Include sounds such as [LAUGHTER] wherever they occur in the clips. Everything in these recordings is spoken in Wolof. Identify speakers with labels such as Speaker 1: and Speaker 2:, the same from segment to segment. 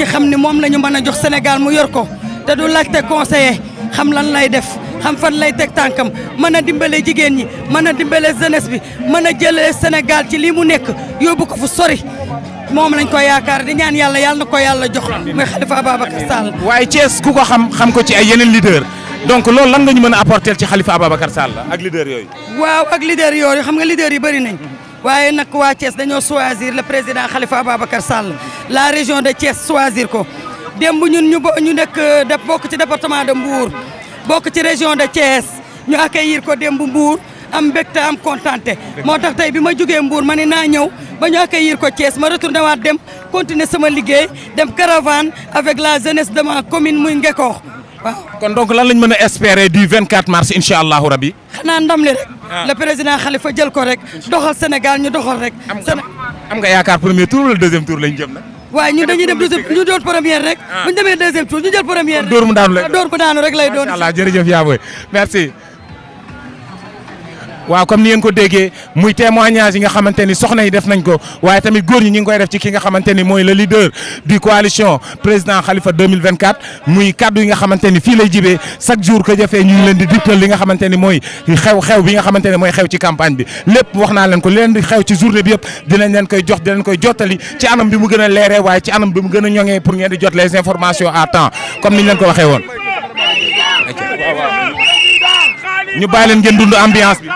Speaker 1: ci xam ni moom la ñu mën a jox Sénégal mu yor ko te du laajte conseiller xam lan lay def xam fan lay teg tànkam mën a dimbale jigéen ñi mën a dimbale jeunesse bi mën a jëlee Sénégal ci lii mu nekk yóbbu ko fu sori moom lañ ko yaakaar di ñaan yàlla yàlla na ko yàlla jox muy Khalifa Ababacar Sall. waaye cees ku ko xam xam ko ci ay yeneen leader donc loolu lan nga ñu mën a apporter ci Khalifa Ababacar Sall ak leader yooyu. waaw ak leader yooyu xam nga leader yi bëri nañ. waaye nag waa Thiès dañoo choisir le président Khalifa Ababacar Sall la région de Thiès choisir ko démb ñun ñu ñu nekk def bokk ci département de Mbour bokk ci région de Thiès ñu accueillir ko démb mbuur am mbégte am contenté moo tax tey bi ma jógee Mbour ma ni naa ñëw ba ñu accueillir ko Thiès ma retourné dem continuer sama liggéey dem caravane avec la jeunesse de ma commune muy Ngekoox Ah. kon donc lan lañ mën a espérer du 24 mars incha allah rabi. xanaa ndam li rek. Ah. le président Khalifa jël ko rek. doxal Sénégal ñu doxal rek. am nga yaakaar premier tour wala deuxième tour lañ jëm nag. waaye ñun dañuy dem deuxième ñu doon première rek. Ah. bu ñu demee deuxième door mu daanu lay doon door mu daanu rek lay doon. macha allah jërëjëf yaa booy merci. waaw comme ni ngeen ko déggee muy témoignage yi nga xamante ni soxna yi def nañ ko waaye tamit góor ñi ñu ngi koy def ci ki nga xamante ni mooy le leader du coalition président Khalifa 2024 muy kaddu yi nga xamante ni fii lay jibee chaque jour que jafee ñu leen di digtal li nga xamante mooy xew-xew bi nga xamante mooy xew ci campagne bi lépp wax naa leen ko leen di xew ci journée bi yëpp dinañ leen koy jox dinañ koy jottali ci anam bi mu gën leere leeree waaye ci anam bi mu gën a ñoŋee pour ngeen di jot les informations à temps comme niñ leen ñu bàyyi leen ngeen dund ambiance bi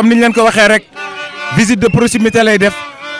Speaker 1: comme niñ leen ko waxee rek visite de proximité lay def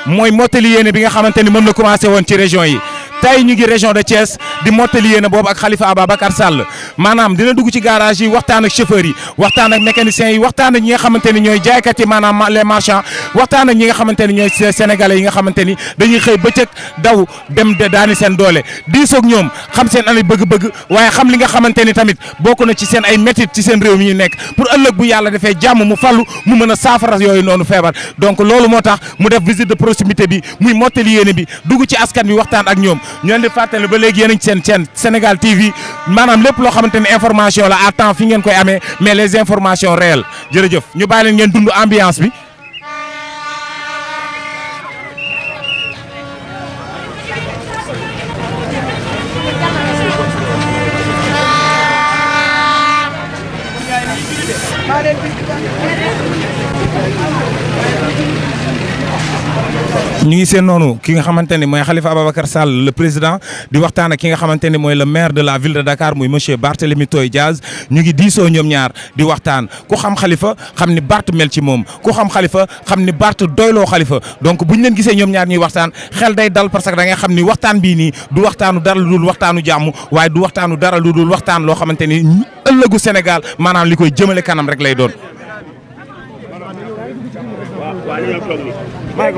Speaker 1: mooy mottali yéene bi nga xamante ni moom la commencé woon ci région yi tey ñu ngi région de Thiès di mottali yéen a boobu ak Khalifa Ababacar Sall maanaam dina dugg ci garage yi waxtaan ak chauffeurs yi waxtaan ak mécaniciens yi waxtaan ak ñi nga xamante ni ñooy jaaykat yi maanaam les marchands waxtaan ak ñi nga xamante ni ñooy sénégalais yi nga xamante ni dañuy xëy bëccëg daw dem daani seen doole diisoog ñoom xam seen ani bëgg-bëgg waaye xam li nga xamante ni tamit bokk na ci seen ay métit ci seen réew mi ñu nekk pour ëllëg bu yàlla defee jàmm mu fàllu mu mën a saafara yooyu noonu feebar donc loolu moo tax mu def visite de proximité bi muy mottali yéene bi dugg ci askan bi waxtaan ak ñoom ñoon leen di fàttali ba léegi yéen a ngi seen chaîne Sénégal TV maanaam lépp loo xamante ne information la à temps fi ngeen koy ame mais les informations réelles jërëjëf ñu bàyyi leen ngeen dund ambiance bi. ñu ngi seen noonu ki nga xamante ni mooy Khalifa Ababacar Sall le waxtaan ak ki nga xamante ni mooy le maire de la ville de Dakar muy monsieur Barthélémy Toye Diaz ñu ngi diisoo ñoom ñaar di waxtaan ku xam xalifa xam ni Barth mel ci moom ku xam Khalifa xam ni Barth doyloo xalifa donc bu buñ leen gisee ñoom ñaar ñuy waxtaan xel day dal parce que da nga xam ni waxtaan bii nii du waxtaanu dara lu dul waxtaanu jàmm waaye du waxtaanu dara lu dul waxtaan loo xamante ni ëllëgu Sénégal maanaam li koy jëmale kanam rek lay doon.
Speaker 2: may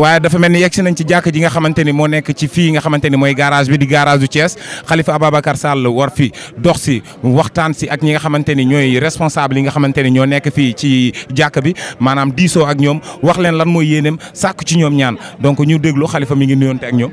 Speaker 2: waaye
Speaker 1: dafa mel ni yegg si nañ ci jàkk ji nga xamante ni moo nekk ci fii nga xamante ni mooy garage bi di garage du Thiès Khalifa Ababacar Sall war fi dox si waxtaan si ak ñi nga xamante ni ñooy responsable yi nga xamante ni ñoo nekk fii ci jàkk bi maanaam diisoo ak ñoom wax leen lan mooy yéeneem sàkk ci ñoom ñaan donc ñu déglu xalifa mi ngi nuyoonte ak ñoom.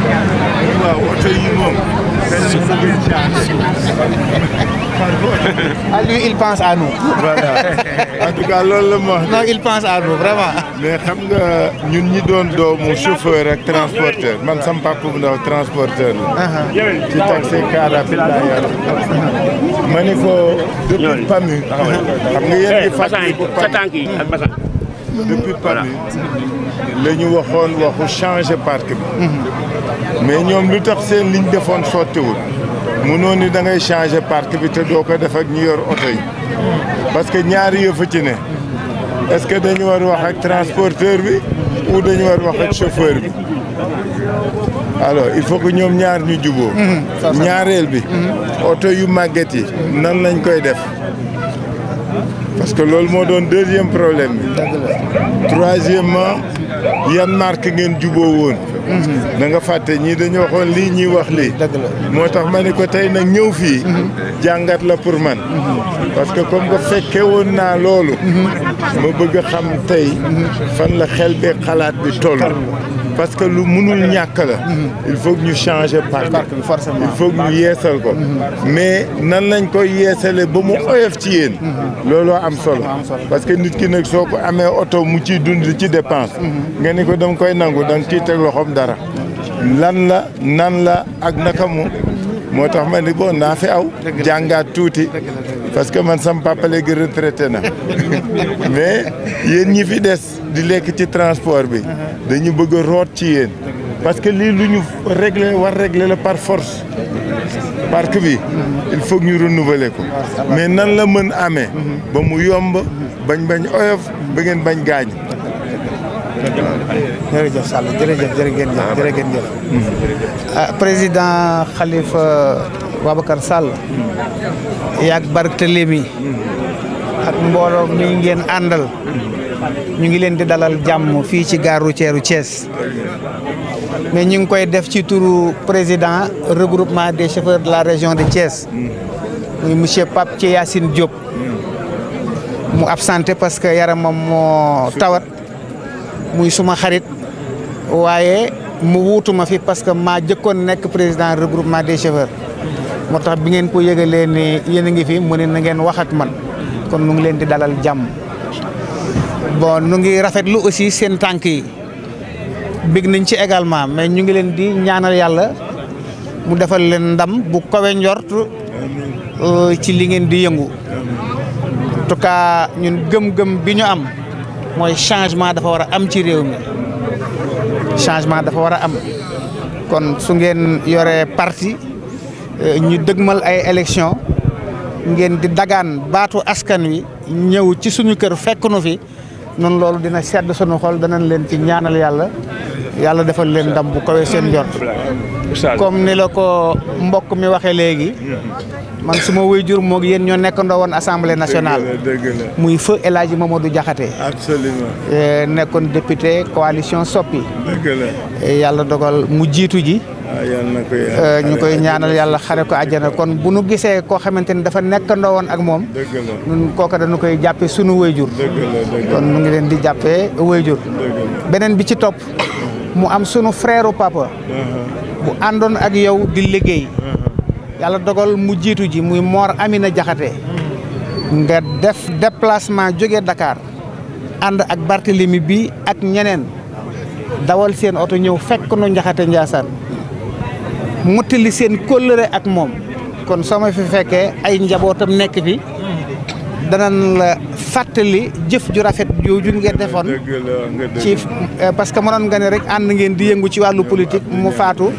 Speaker 3: ah lui il pense à nous. voilà
Speaker 4: [LAUGHS] vraiment. mais xam nga ñun ñi doon doomu chauffeur ak transporteur man sam papa bu transporteur ah,
Speaker 3: ah.
Speaker 4: ma ne ko depuis PAMU. Ah, xam nga yéen ngi eh, fàttali ko PAMU depuis waxoon waxu changer parc bi. Mm-hmm. mais ñoom lu tax seen liñ defoon sottiwul mënoon ni da ngay changer parc bi te doo ko def ak ñu yor yi parce que ñaari yëfa ci est-ce que dañu war wax ak transporteur bi ou dañu war wax ak chauffeur bi alors il faut que ñoom ñaar ñu juboo mhm. ñaareel bi mhm. oto yu màgget yi nan lañ koy def parce que loolu moo doon deuxième problème bi troisièmement yan marque ngeen juboo woon da mhm. nga fàtte ñii dañu lii ñuy wax lii moo tax ma ni ko tey nag ñëw fii mhm. jàngat la pour man mhm. parce que comme que woon naa loolu ma bëgg xam tey fan la xel bi xalaat bi toll parce que lu munul ñàkk la il faut ñu changer parc il faut que ñu yeesal ko mais nan lañ koy yeesale ba mu oyof ci yéen looloo am solo parce que nit ki nag soo ko amee oto mu ciy dund ci dépense nga ni ko danga koy nangu danga ciy teg loxoom dara lan la nan la ak naka mu moo tax ma ni bon naa fi aw jàngaat tuuti parce que man sam papa léegi retraité na [LAUGHS] mais yéen ñi fi des di lekk ci transport bi uh-huh. dañu bëgg a root ci yéen parce que lii lu ñu réglé war réglé la par force parc bi uh-huh. il faut ñu renouveler ko mais nan la mën amee uh-huh. ba mu yomb bañ bañ oyof ba ngeen bañ gaañu
Speaker 3: jërëjëf Sall jërëjëf jërë ngeen jëf jërë mm-hmm. ah, président Khalifa Babacar Sall mm-hmm. yaag Barthélemy mm-hmm. ak mbooloo mi ngeen àndal ñu ngi leen di dalal jàmm fii ci gare routière Thiès mais ñu ngi koy def ci turu président regroupement des chauffeurs de la région de Thiès muy monsieur Pape Thié Yacine Diop mu absenté parce que yaramam moo tawat muy suma xarit waaye mu wuutuma fi parce que maa jëkkoon nekk président regroupement des chauffeurs moo tax bi ngeen ko yëgalee ni yéen a ngi fi mu ne na ngeen waxat man kon nu ngi leen di dalal jàmm bon nu ngi rafetlu aussi seen tànk yi bég nañ ci également mais ñu ngi leen di ñaanal yàlla mu defal leen ndam bu kawe njort euh, ci li ngeen di yëngu en tout ñun gëm-gëm bi ñu am mooy changement dafa war a am ci réew mi changement dafa war a am kon su ngeen yoree parti euh, ñu dëgmal ay élection ngeen di dagaan baatu askan wi ñëw ci suñu kër fekk nu fi noonu loolu dina sedd suñu xol danañ leen ci ñaanal yàlla yàlla defal leen ndam bu kawee seen njort comme ni la ko mbokk mi waxee léegi man su ma wéy jur moog yéen ñoo nekkandoo woon assemblée nationale muy feu El Hadji Mamadou Diakhaté
Speaker 4: absolument
Speaker 3: eh, nekkoon député coalition soppi eh, yàlla dogal mu jiitu ji ah, eh, ñu koy ñaanal yàlla xare ko àjjana kon bu nu gisee koo xamante ni dafa nekkandoo woon ak moom nun kooka dañu koy jàppee sunu wéy jur kon mu ngi leen di jàppee wéy jur beneen bi ci topp mu am sunu frère papa. Uh-huh. bu àndoon ak yow di liggéey. Uh-huh. yàlla dogal mu jiitu ji muy Mor Amina Jaxate uh-huh. nga def déplacement jóge Dakar ànd ak Barthélemy bi ak ñeneen dawal seen oto ñëw fekk nu Njaxate Njaasaan mottali seen kóllëre ak moom kon soo ma fi fekkee ay njabootam nekk fi la fàttali jëf ju rafet jooju ngeen defoon ci euh, parce que mënoon nga ne rek ànd ngeen di yëngu ci wàllu politique mu faatu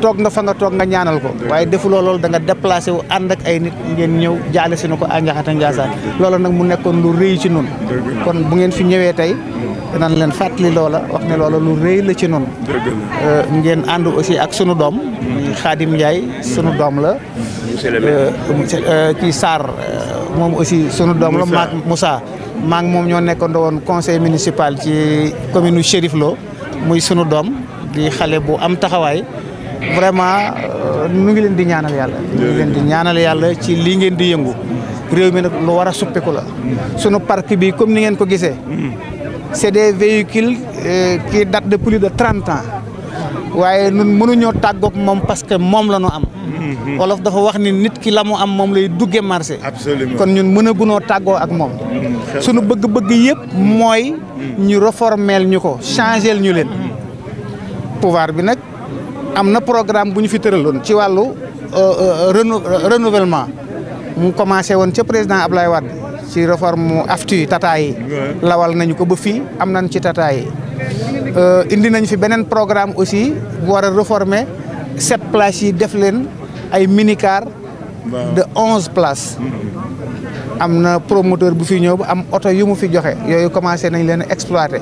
Speaker 3: toog nga fa nga toog nga ñaanal ko waaye defuloo loolu da nga déplacé wu ànd ak ay nit ngeen ñëw jaale si ko à Njaxate Njaasaan loolu nag mu nekkoon lu rëy ci nun kon bu ngeen fi ñëwee tey danañ leen fàttali loola wax ne loola lu rëy la ci nun euh, ngeen ànd aussi ak sunu doom Xaadim mm. Njaay sunu doom la mm. euh, ci Sarr moom aussi sunu doom la maak Moussa maa moom ñoo nekkandoo woon conseil municipal ci commune nu Chérif muy sunu doom di xale bu am taxawaay vraiment euh, nu ngi leen di ñaanal yàlla. ñu ngi leen di ñaanal yàlla ci lii ngeen di yëngu. réew mi nag lu war a suppiku la. sunu parc bii comme ni ngeen ko gisee. Hmm. c'est des véhicules euh, qui datent de plus de trente ans. waaye nun mënuñoo tàggook moom parce que moom la ñu am wolof dafa wax ni nit ki la mu am moom lay dugge marché absolument kon ñun mën a gunoo tàggoo ak moom suñu bëgg-bëgg yëpp mooy ñu réformeel ñu ko changel ñu leen pouvoir bi nag am na programme bu ñu fi tëraloon ci wàllu euh, euh, renouvellement mu commencé woon ca président Ablaye Wade ci réforme aftu tata yi lawal nañu ko ba fii am nañ ci tata yi Euh, indi nañ fi beneen programme aussi bu war a réformer sept places yi def leen ay mini de onze place am na promoteur bu fi ñëw bu am oto yu mu fi joxe yooyu commencé nañ leen exploiter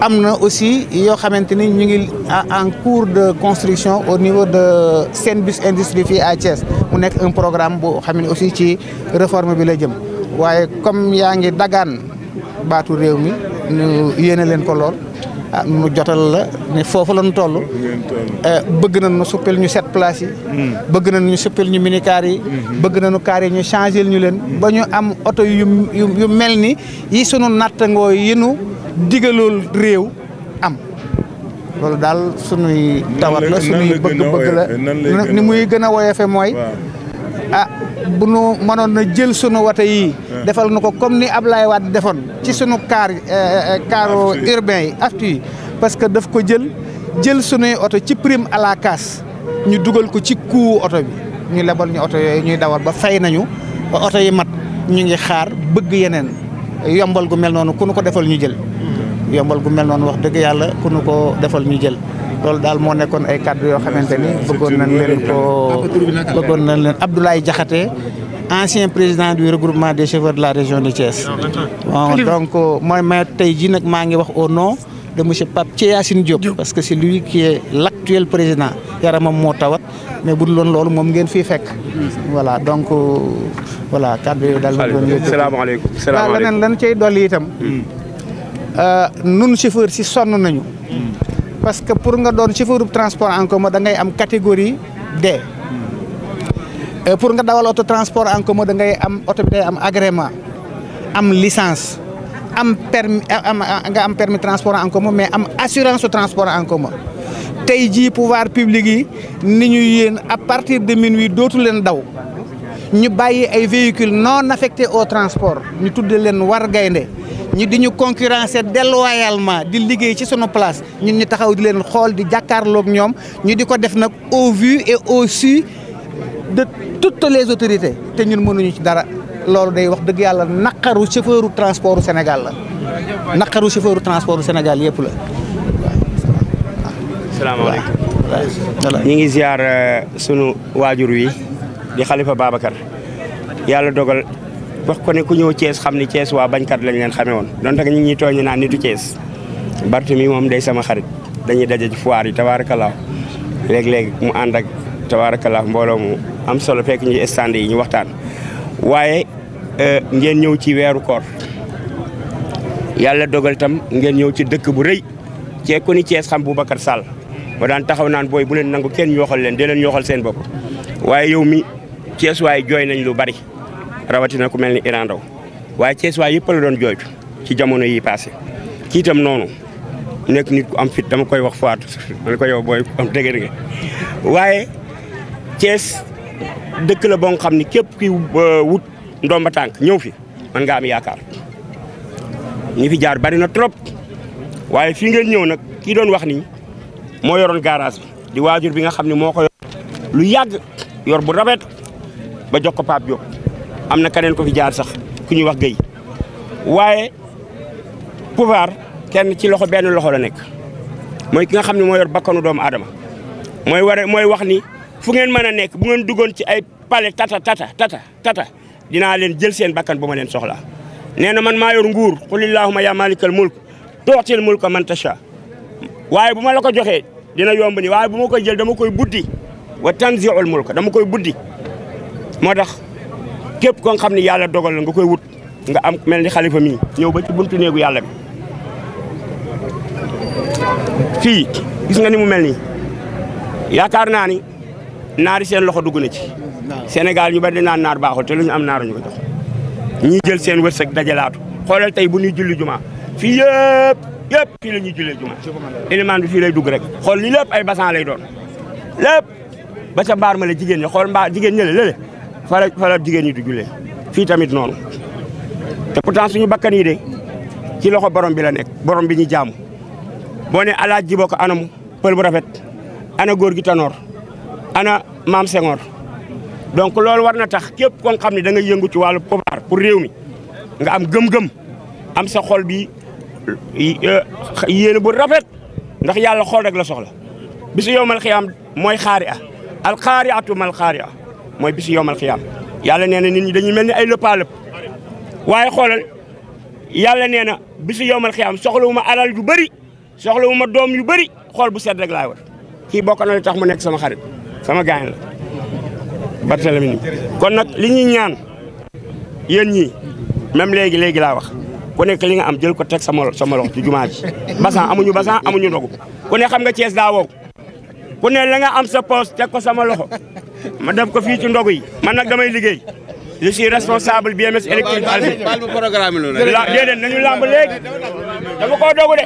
Speaker 3: am na aussi yoo xamante ni ñu ngi en cours de construction au niveau de Senbus Industrie fii à Thiès mu nekk un programme boo xam ne aussi ci réforme bi la jëm waaye comme yaa ngi dagaan baatu réew mi ñu yéene leen ko lool ah nu jotal la ne foofu la ñu toll. Eh, bëgg na ñu suppil ñu set place yi. Hmm. bëgg nañ ñu suppil ñu minicar yi. Hmm. bëgg na kaar yi ñu changé ñu leen. ba ñu am oto yu mel ni yi sunu nattangoo yi nu digalool réew am. loolu daal sunuy tawat la sunuy bëgg-bëgg la ni muy gën a woyofe mooy. a ah, bu nu mënoon na jël sunu wata yi eh. defal nu ko comme ni Ablaye Wade defoon. ci eh. sunu car eh, caro urbain yi aftu yi parce que daf ko jël jël sunuy oto ci prime à la ñu dugal ko ci kuu oto bi ñu lebal ñu oto yooyu ñuy dawal ba fay nañu oto yi mat ñu ngi xaar bëgg yeneen yombal gu mel noonu ku nu ko defal ñu jël. Mm-hmm. yombal gu mel noonu wax dëgg yàlla ku nu ko defal ñu jël. loolu daal moo nekkoon ay kàddu yoo xamante ni bëggoon nañ leen ko ah, bëggoon nañ leen Abdoulaye Diakhaté ancien président du regroupement des chauffeurs de la région de Thiès. bon donc mooy ma tey jii nag maa ngi wax au nom de monsieur Pape Thiéyacine Diop. parce que c'est lui qui est l'actuel président yaramam moo tawat mais bu dul loolu moom ngeen fii fekk. voilà donc euh, voilà kàddu yooyu daal ma doon yëg. salaamaaleykum
Speaker 4: salaamaaleykum waaw
Speaker 3: lan cay dolli itam. Hmm. Euh, si sonn nañu. Hmm. parce que pour nga doon chauffeur transport en commun da am catégorie D euh, pour nga dawal auto transport en commun da ngay am oto day am agrément am licence am permis euh, am euh, nga am permis transport en commun mais am assurance au transport en commun tey jii pouvoir public yi ni ñu yéen à partir de minuit dootu leen daw ñu bàyyi ay véhicules non affectés au transport ñu tudde leen war gaynde ñu di ñu concurrencer déloyalement di liggéey ci sunu place ñun ñu taxaw di leen xool di jàkkaarloog ñoom ñu di ko def nag au vu et au su de toutes les autorités te ñun mënuñu ci dara loolu day wax dëgg yàlla naqaru chauffeuru transportu Sénégal la naqaru chauffeuru transportu Sénégal yëpp la
Speaker 2: salaamaaleykum ñu ngi ziar euh, suñu waajur wi di xalifa Babacar yàlla dogal wax ko ne ku ñëw Thiès xam ni Thiès waa bañkat lañ leen xamee woon donte ñu ngi ñuy tooñe naan nitu Thiès moom day sama xarit dañuy daje ci foire yi tabaarakalaaw léeg-léeg mu ànd ak tabaarakalaaw mbooloo mu am solo fekk ñu stand yi ñu waxtaan waaye euh, ngeen ñëw ci weeru koor yàlla dogal tam ngeen ñëw ci dëkk bu rëy cee ku ni Thiès xam Boubacar Sall ba daan taxaw naan booy bu leen nangu kenn ñooxal leen dee leen ñooxal seen bopp waaye yow mi Thiès waaye jooy nañ lu bari rawatina ku mel ni Iran waaye Thiès waa yëpp la doon jooytu ci jamono yii passé kii itam noonu nekk nit ku am fit dama koy wax faatu man ko yow booy am dëgër waaye Thiès dëkk la boo xam ni képp ki euh, wut ndomba tànk ñëw fi man nga yaakaar ñi fi jaar bari na trop waaye fii ngeen ñëw nag kii doon wax ni moo yoroon garaas bi di waajur bi nga xam ne moo ko yor lu yàgg yor bu rafet ba jox ko Pape am na keneen ko fi jaar sax ku ñuy wax Guèye waaye pouvoir kenn ci loxo benn loxo la nekk mooy ki nga xam ne mooy yor bakkanu doomu adama mooy war mooy wax ni fu ngeen mën a nekk bu ngeen duggoon ci ay palais tata tata tata tata dinaa leen jël seen bakkan bu ma leen soxla nee na man maa yor nguur xulillahuma yaa malikal mulk tootil mulka man tasha waaye bu ma la ko joxee dina yomb ni waaye bu ma koy jël dama koy buddi wa tanziul mulka dama koy buddi képp ko nga xam ne yàlla dogal la nga koy wut nga am mel ni xalifa mii ñëw ba ci buntu néegu yàlla bi gis nga ni mu mel ni yaakaar naa ni naari seen loxo dugg na ci Sénégal ñu bari naan naar baaxul te lu am naaru ñu ko jox jël seen wërsëg dajalaatu xoolal tey bu ñuy julli juma fii yëpp yëpp fii la ñuy jullee juma élément bi fii lay dugg rek xool li lépp ay basan lay doon lépp ba ca mbaar ma la jigéen ñi xool mbaar jigéen ñi la lële fala fala jigéen ñi du jule fii tamit noonu te pourtant suñu bakkan yi de ci loxo borom bi la nekk borom bi ñu jaamu boo ne alaaj ji bokk anam pël bu rafet ana góor gi tanoor ana maam Senghor donc loolu war na tax képp koo xam ne da nga yëngu ci wàllu pouvoir pour réew mi nga am gëm-gëm am sa xol bi euh, yéene bu rafet ndax yàlla xol rek la soxla bisu yowmal xiyaam mooy xaari a al xaari atu mal xaari a mooy bisu yowmal xiyaam yàlla nee na nit ñi dañu mel ni ay lëppaalëpp waaye xoolal yàlla nee na bisu yowmal xiyaam soxlawu ma alal yu bëri wu ma doom yu bëri xool bu sedd rek laay war kii bokk na li tax mu nekk sama xarit sama gaañ la Barthélemy kon nag li ñuy ñaan yéen ñii même léegi léegi laa wax ko nekk li nga am jël ko teg sama sama loxo ci jumaa ji amuñu basan amuñu ndogu ko ne xam nga daa wow ku ne la nga am sa poos teg ko sama loxo ma def ko fii ci ndogu yi man nag damay liggéey je suis responsable BMS électrique albi la déedéet nañu làmb léegi dama koo dogu de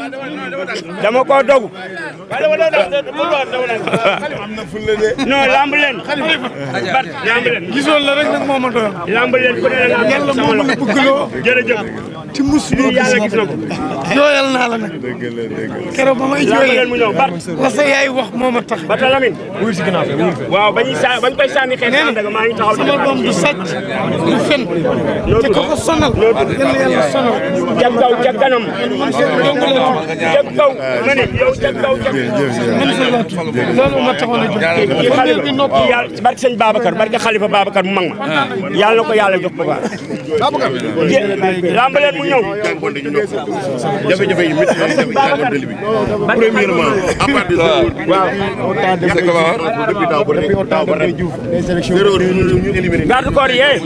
Speaker 2: dama koo dogu
Speaker 4: non làmb leen bat làmb leen gisoon la rek nag moo ma doon làmb leen ku ne la nga am yàlla moo ma bëggloo ci mus ñoo gis yàlla gis na ko jooyal naa la nag keroog ba may jooyee la sa yaay wax
Speaker 2: moo ma tax ba ta lamin wuyu si ginnaaw waaw bañuy sa bañ koy sànni xeet daga maa ngi taxaw sama doom du sàcc du fen
Speaker 3: te ko ko sonal yàlla yàlla
Speaker 2: sonal ca kaw ca kanam man seen
Speaker 4: ma ne yow ca kaw ca man seen ma
Speaker 2: a ah. ma yàlla na ko yàlla jox mu ñëw gàngoon dañu ñoo ko jafe-jafe yi métti nañu jafe gàngoon dëli bi
Speaker 4: premièrement à part de waaw depuis daaw ba ren daaw ba ren zéro ñu ñu éliminé garde corps yi eh.